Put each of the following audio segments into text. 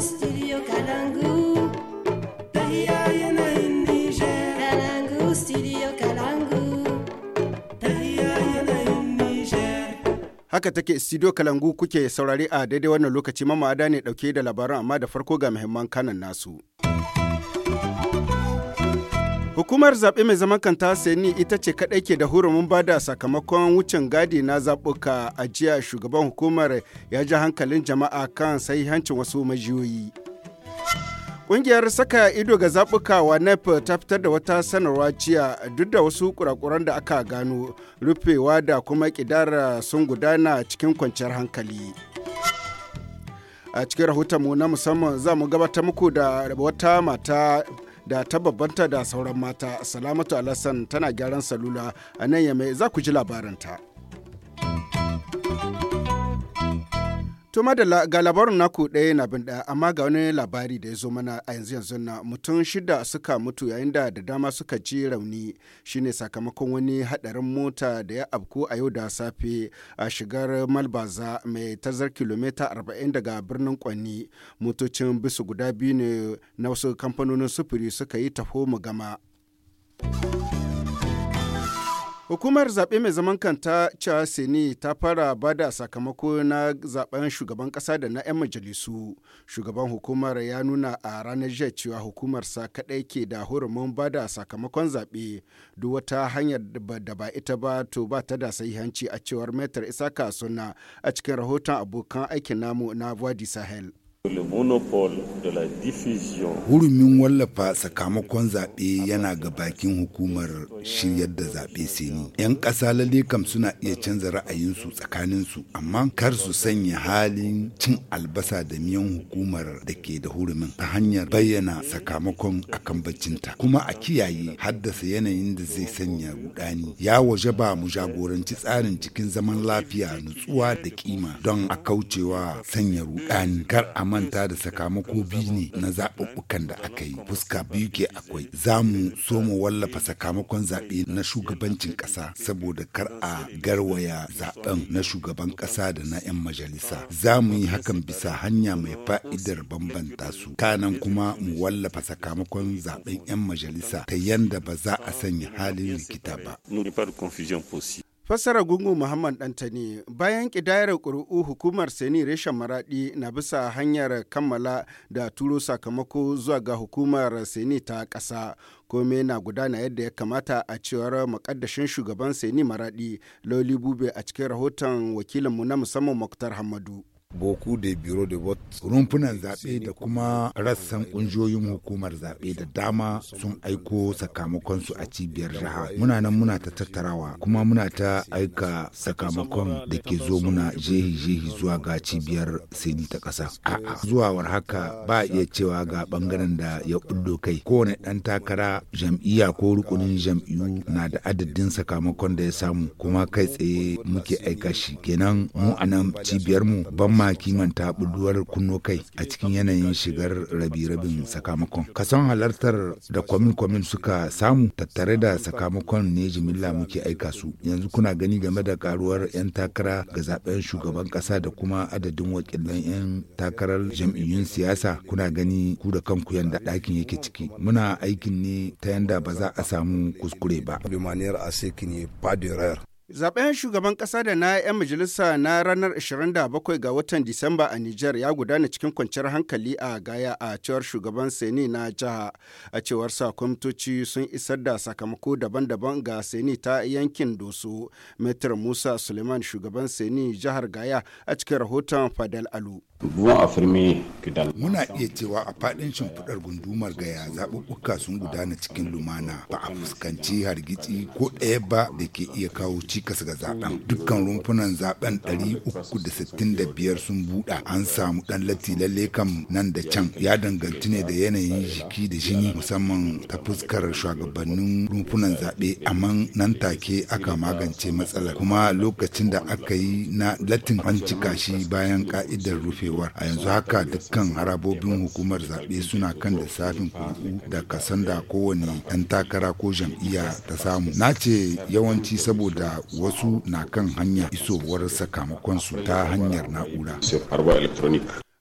studio Haka take studio Kalangu kuke saurari a daidai wannan lokaci mamada ne dauke da labaran amma da farko ga muhimman kanan nasu. Hukumar zaɓe mai zaman kanta Seni ita ce kaɗai ke da hurumin ba da sakamakon wucin gadi na zaɓuka a jiya shugaban hukumar ya ji hankalin jama'a kan sahihancin wasu majiyoyi. Ƙungiyar saka ido ga zaɓuka wa NEP ta fitar da wata sanarwa jiya duk da wasu kurakuran da aka gano rufewa da kuma ƙidara sun gudana cikin kwanciyar hankali. a cikin rahoton mu na musamman za mu gabatar muku da wata mata da ta babbanta da sauran mata salamatu alassan tana gyaran salula a nan mai za ku ji labarinta. To da ga labarin naku ɗaya na bin ɗaya amma ga wani labari da ya zo mana a yanzu yanzu na mutum shida suka mutu yayin da da dama suka ji rauni shine sakamakon wani hadarin mota da ya afku a yau da safe a shigar Malbaza mai tazar kilomita 40 daga birnin Kwanni motocin bisu guda biyu ne na wasu kamfanonin sufuri suka yi taho mu gama. Hukumar zaɓe mai zaman kanta Seni ta fara bada sakamako na zaɓen shugaban ƙasa da na 'yan majalisu. Shugaban hukumar ya nuna a ranar jiya cewa hukumarsa kaɗai ke da hurumin bada sakamakon zaɓe duk wata hanyar da ba ita ba to ba ta da sahihanci a cewar Metar Isaka Suna a cikin rahoton abokan aikin namu na Vadi Sahel. Hurumin wallafa sakamakon zaɓe yana ga bakin hukumar shiryar da zaɓe ni. 'Yan ƙasa lalle kam suna iya canza ra'ayinsu tsakaninsu, amma kar su sanya halin cin albasa da miyan hukumar da ke da hurumin ta hanyar bayyana sakamakon akan baccinta. Kuma a kiyaye haddasa yanayin da zai sanya rudani. Ya waje ba mu jagoranci tsarin cikin zaman lafiya, nutsuwa da kima don a kaucewa sanya rudani. Kar a manta da sakamako biyu ne na zaɓuɓɓukan da aka yi fuska biyu ke akwai za mu so mu wallafa sakamakon zaɓe na shugabancin ƙasa saboda kar a garwaya zaɓen na shugaban ƙasa da na 'yan majalisa za mu yi hakan bisa hanya mai fa'idar bambanta su kanan kuma mu wallafa sakamakon zaɓen 'yan majalisa ta yanda ba za a sanya halin rikita ba. Fassara Gungun Muhammad Dantani bayan ƙidayar ƙuri'u hukumar Seni Reshen Maraɗi na bisa hanyar kammala da turo sakamako zuwa ga hukumar Seni ta ƙasa. Kome na gudana yadda ya kamata a cewar makaddashin shugaban Seni Maraɗi Loli Bube a cikin rahoton wakilinmu na musamman Muktar Hamadu. boku da biro da vote rumfunan zaɓe da kuma rassan ƙungiyoyin hukumar zaɓe da dama sun aiko sakamakonsu a cibiyar jiha muna nan muna ta tattarawa kuma muna ta aika sakamakon da ke zo muna jehi-jehi zuwa ga cibiyar seni ta ƙasa a'a zuwa war haka ba iya cewa ga ɓangaren da ya ɓullo kai kowane ɗan takara jam'iyya ko rukunin jam'iyyu na da adadin sakamakon da ya samu kuma kai tsaye muke aika shi kenan mu a nan cibiyar mu ban ma kimanta buduwar kunno kai a cikin yanayin shigar rabi-rabin sakamakon. Kason halartar da kwamin-kwamin suka samu tattare da sakamakon ne jimilla muke aika su. Yanzu kuna gani game da karuwar 'yan takara ga zaben shugaban kasa da kuma adadin wakilan 'yan takarar jam'iyyun siyasa kuna gani ku da kanku yanda ɗakin yake ciki. Muna aikin ne ta yanda ba za a samu kuskure ba. Zaben shugaban ƙasa da na 'yan majalisa na ranar 27 ga watan Disamba a Nijar ya gudana cikin kwanciyar hankali a Gaya a cewar shugaban Seni na jiha. A cewar sa sun isar da sakamako daban-daban ga Seni ta yankin Doso. metro Musa Suleiman shugaban Seni jihar Gaya a cikin rahoton Fadal Alu. Muna iya cewa a faɗin shimfiɗar gundumar gaya zaɓuɓɓuka sun gudana cikin lumana ba a fuskanci hargitsi ko ɗaya ba da ke iya kawo cikas ga zaɓen. Dukkan rumfunan zaɓen 365 sun buɗa an samu ɗan latti lalle kan nan da can ya danganci ne da yanayin jiki da jini musamman ta fuskar shugabannin rumfunan zaɓe amma nan take aka magance matsalar kuma lokacin da aka yi na latin an cika shi bayan ka'idar rufe rubewar a yanzu haka dukkan harabobin hukumar zaɓe suna kan lissafin kuri'u da kasan da kowane ɗan takara ko jam'iyya ta samu na ce yawanci saboda wasu na kan hanyar isowar sakamakon su ta hanyar na'ura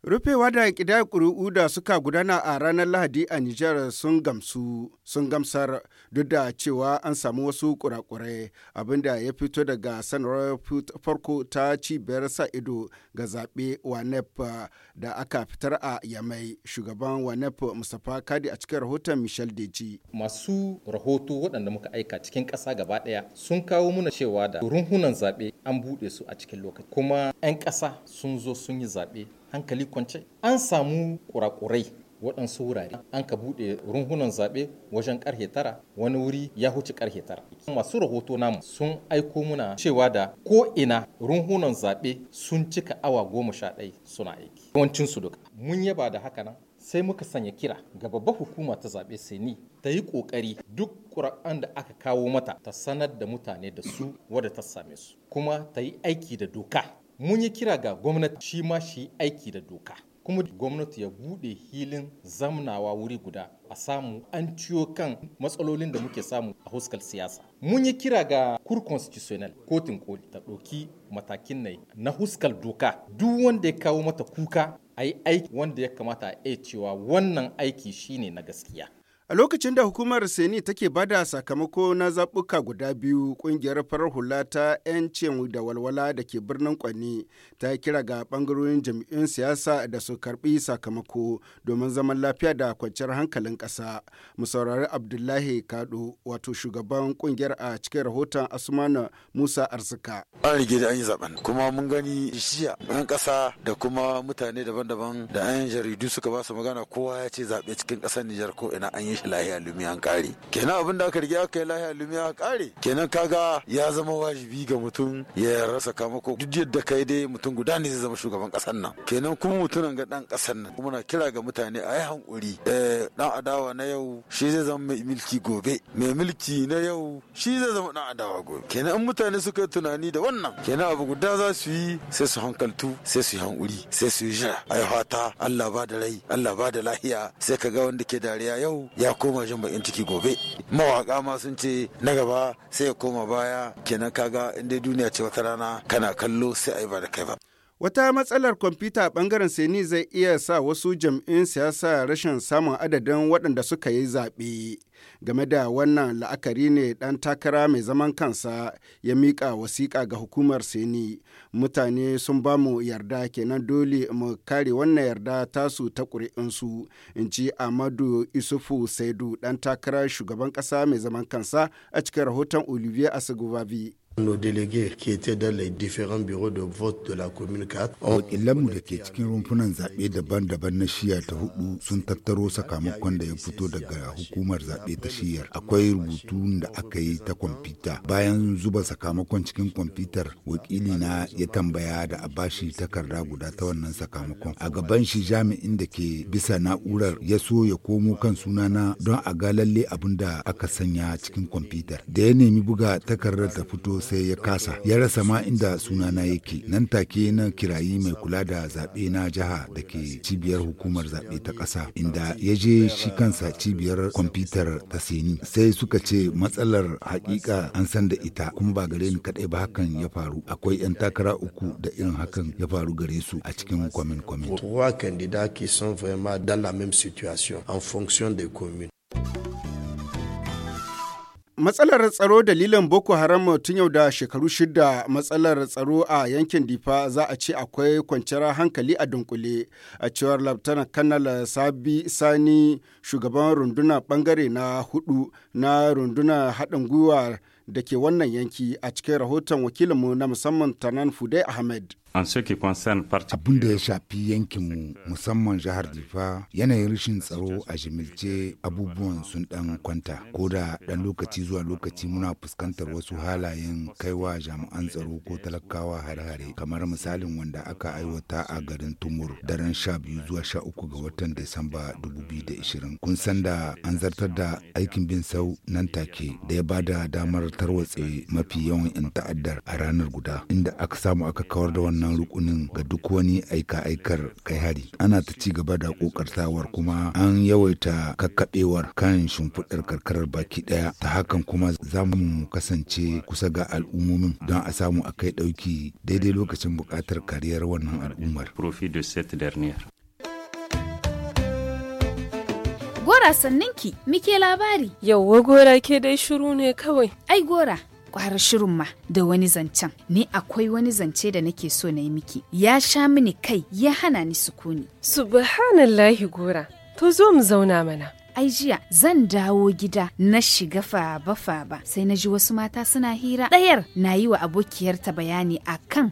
Rufewa da ƙidayar ƙuri'u da suka gudana a ranar Lahadi a Nijar sun gamsar duk da cewa an samu wasu kurakurai abinda ya fito daga sanarwar farko ta cibiyar sa ido ga zaɓe wanep uh, da aka fitar a yamai shugaban wanep uh, mustapha kadi a cikin rahoton michel deji masu rahoto waɗanda muka aika cikin ƙasa gaba ɗaya sun kawo muna cewa da runhunan zaɓe an buɗe su a cikin lokaci kuma 'yan ƙasa sun zo sun yi zaɓe hankali kwance an samu kurakurai waɗansu wurare an ka buɗe runhunan zaɓe wajen karhe tara wani wuri ya huce karhe tara masu rahoto namu sun aiko muna cewa da ko ina rungunan zaɓe sun cika awa goma sha ɗaya suna aiki yawancinsu duka mun yaba da haka nan sai muka sanya kira ga babbar hukuma ta zaɓe ni ta yi ƙoƙari duk ƙura'an da aka kawo mata ta sanar da mutane da su wadda ta same su kuma ta yi aiki da doka mun yi kira ga gwamnati shi ma shi aiki da doka kuma gwamnati ya bude hilin zamnawa wuri guda a samu an ciyo kan matsalolin da muke samu a huskar siyasa mun yi kira ga kur constitutional kotun koli ta ɗauki matakin nai na huskar doka duk wanda ya kawo mata kuka a yi aiki wanda ya kamata a iya cewa wannan aiki shine na gaskiya A lokacin da hukumar Seni take bada sakamako na zaɓuka guda biyu, ƙungiyar farar hula ta 'yancin da walwala da ke birnin Kwani ta yi kira ga bangarorin jami'in siyasa da su karɓi sakamako domin zaman lafiya da kwanciyar hankalin ƙasa. musaurari Abdullahi Kado, wato shugaban ƙungiyar a cikin rahoton asumana Musa Arzika. An rige da an yi zaɓen, kuma mun gani jiya ran ƙasa da kuma mutane daban-daban da 'yan jaridu suka ba su magana kowa ya ce zaɓe cikin ƙasar Nijar ko ina an yi shi lahiya lumiya an kare kenan abin da aka riga aka yi lahiya lumiya an kare kenan kaga ya zama wajibi ga mutum ya rasa ko duk yadda kai dai mutum guda ne zai zama shugaban kasar nan kenan kuma mutumin ga dan kasar nan kuma na kira ga mutane a yi hankuri dan eh, adawa na yau shi zai zama mai milki gobe mai milki na yau shi zai zama dan adawa gobe kenan in mutane suka yi tunani da wannan kenan abu guda za su yi sai su hankaltu sai su yi hankuri sai su yi jira ai fata Allah ba da rai Allah ba da lahiya sai ga wanda ke dariya yau ya ya koma jin bakin ciki gobe mawaka ma sun ce na gaba sai ya koma baya kenan kaga inda duniya ce wata rana kana kallo sai a yi ba da kai ba Wata matsalar kwamfuta a ɓangaren Sani zai iya sa wasu jam'in siyasa rashin samun adadin waɗanda suka yi zaɓe. Game da wannan la'akari ne ɗan takara mai zaman kansa ya miƙa wasiƙa ga hukumar Sani. Mutane sun ba mu yarda kenan dole mu kare wannan yarda tasu ta ƙuri'insu, in ji Amadu Isufu Saidu ɗan takara shugaban ƙasa mai zaman kansa a cikin rahoton Olivier Asigubavi. Nos délégués qui étaient dans les différents bureaux de vote de la commune 4. Wakilanmu da ke cikin rumfunan zaɓe daban-daban na shiya ta hudu sun tattaro sakamakon da ya fito daga hukumar zaɓe ta shiyar. Akwai rubutu da aka yi ta kwamfuta. Bayan zuba sakamakon cikin kwamfutar, wakili na ya tambaya da a bashi takarda guda ta wannan sakamakon. A gaban shi jami'in da ke bisa na'urar ya so ya komo kan sunana don a ga lalle abin da aka sanya cikin kwamfutar. Da ya nemi buga takardar ta fito sai ya kasa ya rasa ma inda sunana yake nan take na kirayi mai kula da zaɓe na jiha da ke cibiyar hukumar zaɓe ta ƙasa inda ya je shi kansa cibiyar kwamfutar ta seni sai suka ce matsalar hakika an san da ita kuma ba gare ni kaɗai ba hakan ya faru akwai 'yan takara uku da irin hakan ya faru gare su a cikin kwamin kwamin. Trois candidats qui sont vraiment dans la même situation en fonction des communes. Matsalar tsaro dalilin Boko Haram tun yau da shekaru shida matsalar tsaro a yankin Difa za a ce akwai kwanciyar hankali a dunkule a cewar Laftana Kanal Sabi Sani shugaban runduna bangare na hudu na runduna haɗin gwiwa da ke wannan yanki a cikin rahoton wakilinmu na musamman Tanan Fudai Ahmed. abin da ya shafi yankinmu musamman jihar difa yanayin rashin tsaro a jimilce abubuwan sun dan kwanta ko da dan lokaci zuwa lokaci muna fuskantar wasu halayen kaiwa jami'an tsaro ko talakawa hare-hare kamar misalin wanda aka aiwata a garin tumur daren sha biyu zuwa sha uku ga watan disamba 2020 kun san da an zartar da aikin bin sau nan take da ya bada damar tarwatse mafi yawan 'yan ta'addar a ranar guda inda aka samu aka kawar da wannan wannan rukunin ga duk wani aika-aikar kai hari ana ta ci gaba da kokartawar kuma an yawaita kakkaɓewar kan shimfiɗar karkarar baki ɗaya ta hakan kuma za mu kasance kusa ga al'ummomin don a samu a kai ɗauki daidai lokacin buƙatar kariyar wannan al'ummar Gora sanninki, muke labari. Yauwa gora ke dai shiru ne kawai. Ai gora, kwara shirin ma da wani zancen ni akwai wani zance da nake so na yi miki ya sha mini kai ya hana ni sukuni subhanallahi gora to zo mu zauna mana ai jiya zan dawo gida na shiga faba-faba sai na ji wasu mata suna hira ɗayar na yi wa abokiyarta bayani akan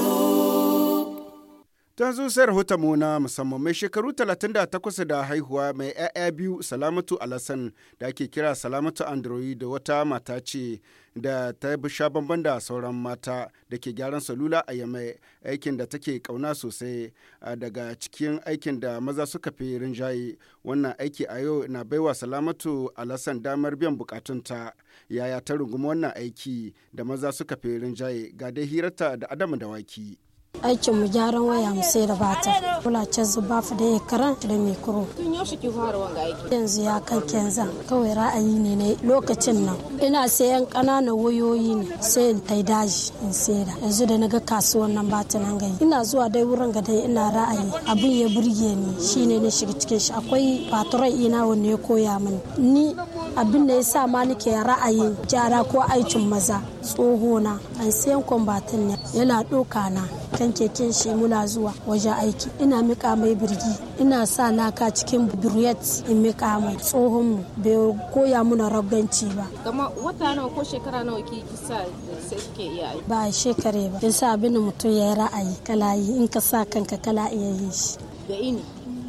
Don zusar mu na musamman mai shekaru 38 da haihuwa mai 'ya'ya biyu Salamatu alasan da ake kira Salamatu Android da wata mata ce da ta bi sha bamban da sauran mata da ke gyaran salula a yamai aikin da take kauna sosai daga cikin aikin da maza suka fi rinjaye wannan aiki a yau na baiwa salamatu alasan damar biyan bukatunta yaya ta rungumi wannan aiki da maza suka fi rinjaye ga dai hirarta da adamu da waki aikin mu gyaran waya mu sai da bata kulacen zuba da ekran da mikro tun fara wanga aiki yanzu ya kai kenza kawai ra'ayi ne ne lokacin nan ina sayan kananan wayoyi ne sai in tai daji in saida yanzu da naga kasuwan nan bata nan gai ina zuwa dai wurin ga dai ina ra'ayi abin ya burge ni shine ne shiga cikin shi akwai patron ina wanne ya koya mini ni abin da yasa sa ma nake ra'ayi. jara ko aikin maza tsohona an sayan kwambatin ne yana doka na kan keken shi muna zuwa wajen aiki ina mika mai birgi ina sa laka cikin buruyet in mika mai tsohon mu bai koya muna rabbanci ba Gama wata nawa ko shekara nawa ki kisa sai kike iya aiki ba shekare ba kin sa abin mutum ya ra'ayi kala yi in ka sa kanka kala iya yin shi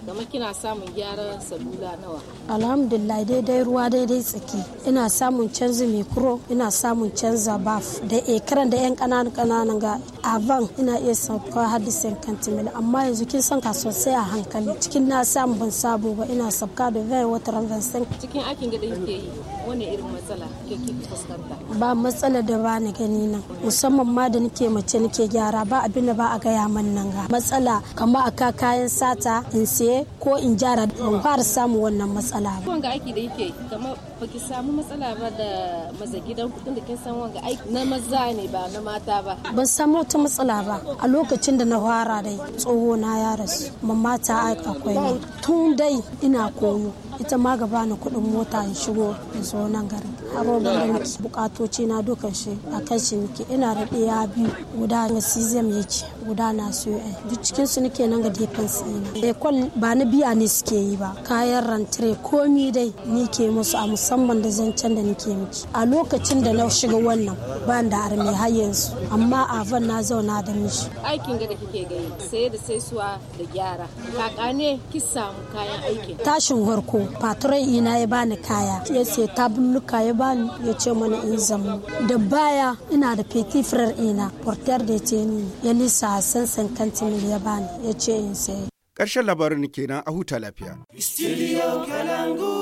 kamar kina samun gyaran sabula nawa alhamdulillah daidai ruwa daidai tsaki ina samun canza mikro ina samun canza baf da ekran da yan kananan kananan ga avan ina iya sauka har da mil amma yanzu kin san kasuwa sai a hankali cikin na samu ban sabo ba ina sabka da vai wata ran cikin aikin gida kike yi wani irin matsala ke fuskanta ba matsala da ba na gani nan musamman ma da nake mace nake gyara ba abin da ba a gaya man nan ga matsala kamar aka kayan sata in siye ko in gyara ban fara samu wannan matsala ba wanga aiki da yake kamar baki samu matsala ba da maza gidan kudin da kin san wanga aiki na maza ne ba na mata ba ban samu wata matsala ba a lokacin da na fara dai tsoho na ya rasu mamata akwai tun dai ina koyo ita ma gaba na kuɗin mota in shigo in zo nan garin abubuwan da bukatoci na dukan shi a kan shi nake ina da ɗaya biyu guda na cesium ce guda na soya duk cikin su nake nan ga defense ina ekol eh, ba na biya ne suke yi ba kayan rantare komi dai ni musu a musamman da zancen da nake miki a lokacin da na shiga wannan ban da arme har yanzu amma avan na zauna da mishi aikin ga da kike gani sai da sai suwa da gyara kaka ne ki samu kayan aikin tashin harko patron ina ya bani kaya ya ce tabulluka ya Bal ya ce mana in zamu da baya ina da fiti firar ina portar da ce ni ya lisa san sankanti kanti ya bani ya ce in sai ƙarshen labarin kenan a huta lafiya. Studio Kalangu.